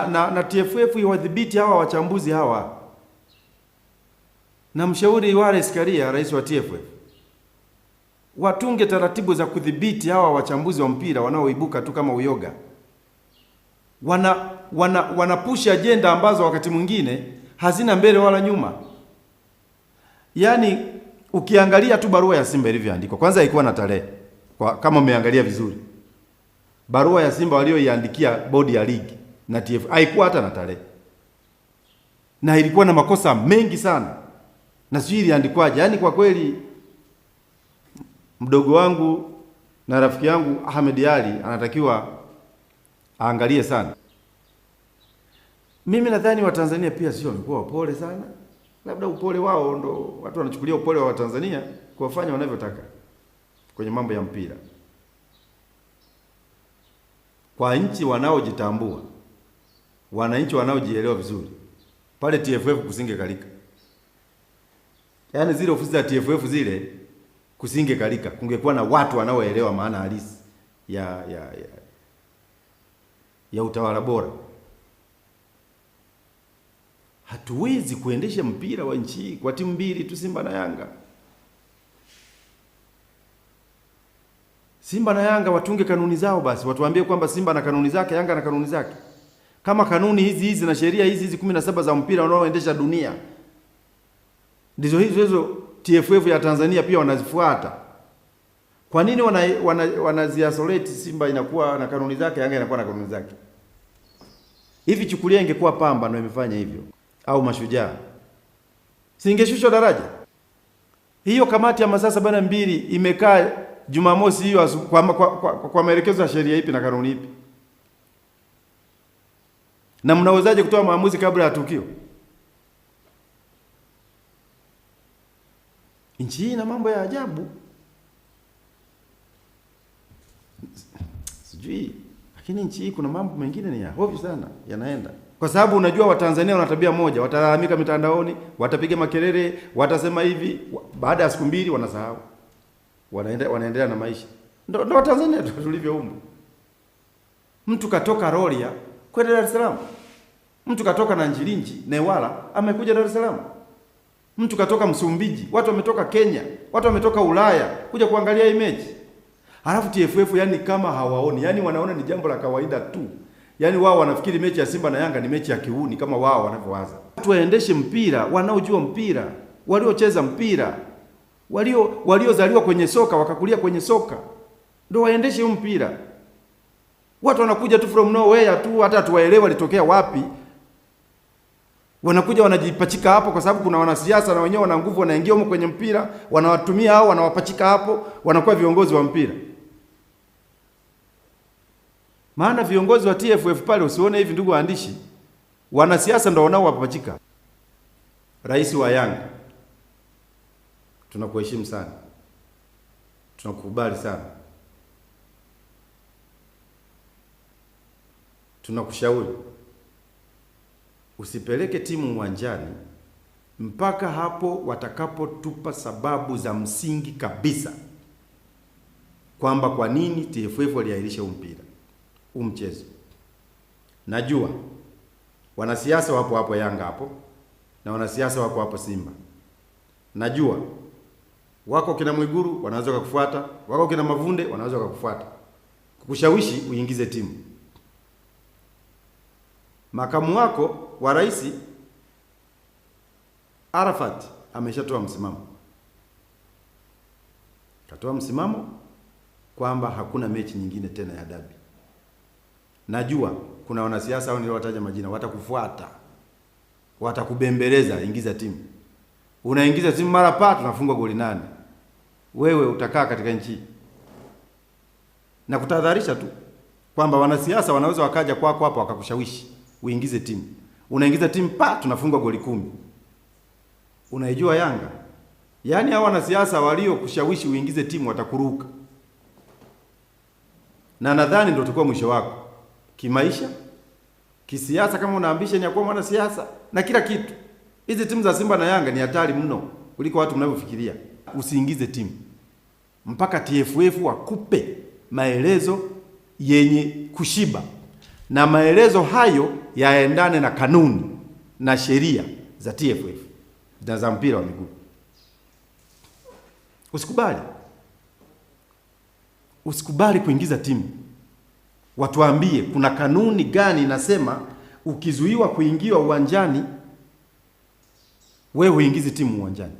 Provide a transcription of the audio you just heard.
Ah, na, na TFF iwadhibiti hawa wachambuzi hawa. Na mshauri Wallace Karia, rais wa TFF, watunge taratibu za kudhibiti hawa wachambuzi wa mpira wanaoibuka tu kama uyoga. Wana wana wanapusha ajenda ambazo wakati mwingine hazina mbele wala nyuma. Yaani ukiangalia tu barua ya Simba ilivyoandikwa, kwanza haikuwa na tarehe. Kwa, kama umeangalia vizuri barua ya Simba walioiandikia bodi ya ligi na TF haikuwa hata na tarehe na ilikuwa na makosa mengi sana, na sijui iliandikwaje. Yaani kwa kweli, mdogo wangu na rafiki yangu Ahmed Ali anatakiwa aangalie sana. Mimi nadhani Watanzania pia sio wamekuwa wapole sana, labda upole wao ndo watu wanachukulia upole wa Watanzania kuwafanya wanavyotaka kwenye mambo ya mpira kwa nchi wanaojitambua wananchi wanaojielewa vizuri pale TFF kusinge kalika, yaani zile ofisi za TFF zile kusinge kalika, kungekuwa na watu wanaoelewa maana halisi ya ya, ya, ya utawala bora. Hatuwezi kuendesha mpira wa nchi kwa timu mbili tu, Simba na Yanga. Simba na Yanga watunge kanuni zao basi, watuambie kwamba Simba na kanuni zake, Yanga na kanuni zake kama kanuni hizi hizi na sheria hizi hizi 17 za mpira wanaoendesha dunia ndizo hizo hizo TFF ya Tanzania pia wanazifuata. Kwa nini wanaziasoleti? Wana, wana Simba inakuwa na kanuni zake, Yanga inakuwa na kanuni zake. Hivi chukulia, ingekuwa Pamba ndio imefanya hivyo au Mashujaa, singeshushwa daraja. Hiyo kamati ya masaa sabini na mbili imekaa Jumamosi hiyo kwa, kwa, kwa, kwa maelekezo ya sheria ipi na kanuni ipi? na mnawezaje kutoa maamuzi kabla ya tukio? Nchi hii ina mambo ya ajabu, sijui lakini nchi hii kuna mambo mengine ni ya hofu sana yanaenda, kwa sababu unajua Watanzania wana tabia moja, watalalamika mitandaoni, watapiga makelele, watasema hivi, baada ya siku mbili wanasahau, wanaenda wanaendelea na maisha. Ndo Watanzania tulivyoumbwa. Mtu katoka Rorya kwenda Dar es Salaam. Mtu katoka na Njilinji Newala amekuja Dar es Salaam. Mtu katoka Msumbiji, watu wametoka Kenya, watu wametoka Ulaya kuja kuangalia image. Halafu TFF yani kama hawaoni, yani wanaona ni jambo la kawaida tu. Yaani wao wanafikiri mechi ya Simba na Yanga ni mechi ya kiuni kama wao wanavyowaza. Watu waendeshe mpira, wanaojua mpira, waliocheza mpira, walio waliozaliwa kwenye soka wakakulia kwenye soka. Ndio waendeshe huu mpira. Watu wanakuja tu from nowhere tu, hata hatuwaelewi walitokea wapi. Wanakuja wanajipachika hapo, kwa sababu kuna wanasiasa na wenyewe wana nguvu, wanaingia humo kwenye mpira, wanawatumia hao, wanawapachika hapo, wanakuwa viongozi wa mpira. Maana viongozi wa TFF pale, usione hivi ndugu waandishi, wanasiasa ndio wanaowapachika. Rais wa Yanga, tunakuheshimu sana, tunakukubali sana tunakushauri usipeleke timu uwanjani mpaka hapo watakapotupa sababu za msingi kabisa kwamba kwa nini TFF waliahirisha huu mpira huu mchezo. Najua wanasiasa wapo hapo Yanga hapo na wanasiasa wako hapo Simba. Najua wako kina Mwiguru wanaweza kukufuata, wako kina Mavunde wanaweza kukufuata kukushawishi uingize timu Makamu wako wa rais Arafat ameshatoa msimamo, katoa msimamo kwamba hakuna mechi nyingine tena ya dabi. Najua kuna wanasiasa au niliowataja majina watakufuata, watakubembeleza, ingiza timu, unaingiza timu mara pa tunafungwa goli nane, wewe utakaa katika nchi na kutahadharisha tu kwamba wanasiasa wanaweza wakaja kwako hapo wakakushawishi uingize timu, unaingiza timu pa tunafungwa goli kumi. Unaijua Yanga? Yaani hao wanasiasa kushawishi uingize timu watakuruka, na nadhani ndio utakuwa mwisho wako kimaisha, kisiasa, kama una ambition ya kuwa mwanasiasa na kila kitu. Hizi timu za Simba na Yanga ni hatari mno kuliko watu mnavyofikiria. Usiingize timu mpaka TFF wakupe maelezo yenye kushiba na maelezo hayo yaendane na kanuni na sheria za TFF na za mpira wa miguu. Usikubali, usikubali kuingiza timu. Watuambie kuna kanuni gani inasema ukizuiwa kuingiwa uwanjani wewe huingizi timu uwanjani.